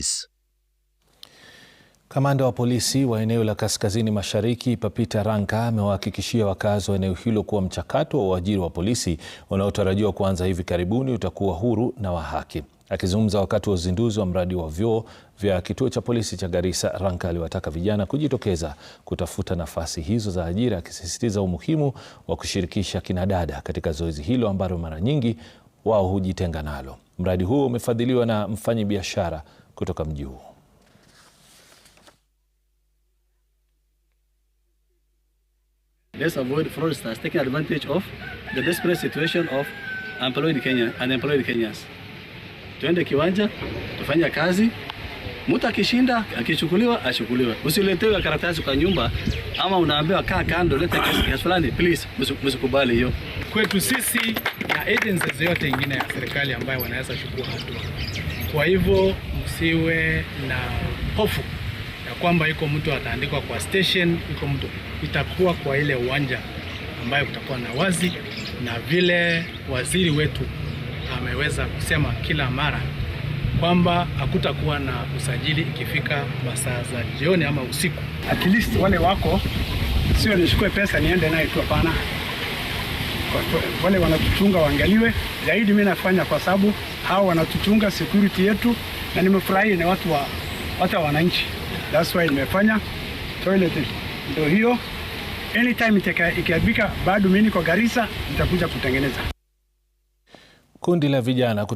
Francis. Kamanda wa polisi wa eneo la kaskazini mashariki Papita Ranka amewahakikishia wakazi wa eneo hilo kuwa mchakato wa uajiri wa polisi unaotarajiwa kuanza hivi karibuni utakuwa huru na wa haki. Akizungumza wakati wa uzinduzi wa mradi wa vyoo vya kituo cha polisi cha Garissa, Ranka aliwataka vijana kujitokeza kutafuta nafasi hizo za ajira, akisisitiza umuhimu wa kushirikisha kinadada katika zoezi hilo ambalo mara nyingi wao hujitenga nalo. Mradi huo umefadhiliwa na mfanyabiashara kutoka mji huo. Let's avoid fraudsters taking advantage of the desperate situation of employed Kenya, unemployed Kenyans. Tuende kiwanja, tufanye kazi. Mtu akishinda akichukuliwa, achukuliwe. Usiletewe karatasi kwa nyumba ama unaambiwa kaa kando, leta kiasi fulani. Please, msikubali hiyo. Kwetu sisi na agencies yote ingine ya serikali ambayo wanaweza chukua hatua. Kwa hivyo msiwe na hofu ya kwamba iko mtu ataandikwa kwa station, iko mtu itakuwa kwa ile uwanja ambayo kutakuwa na wazi, na vile waziri wetu ameweza kusema kila mara kwamba hakutakuwa na usajili ikifika masaa za jioni ama usiku. At least wale wako sio nishukue pesa niende naye tu, hapana. Wale wanatuchunga waangaliwe zaidi. Mimi nafanya kwa sababu hao wanatuchunga security yetu, na nimefurahi ni watu wa hata wananchi, that's why nimefanya toilet ndio hiyo. Anytime ikiabika, bado mimi niko Garissa, nitakuja kutengeneza kundi la vijana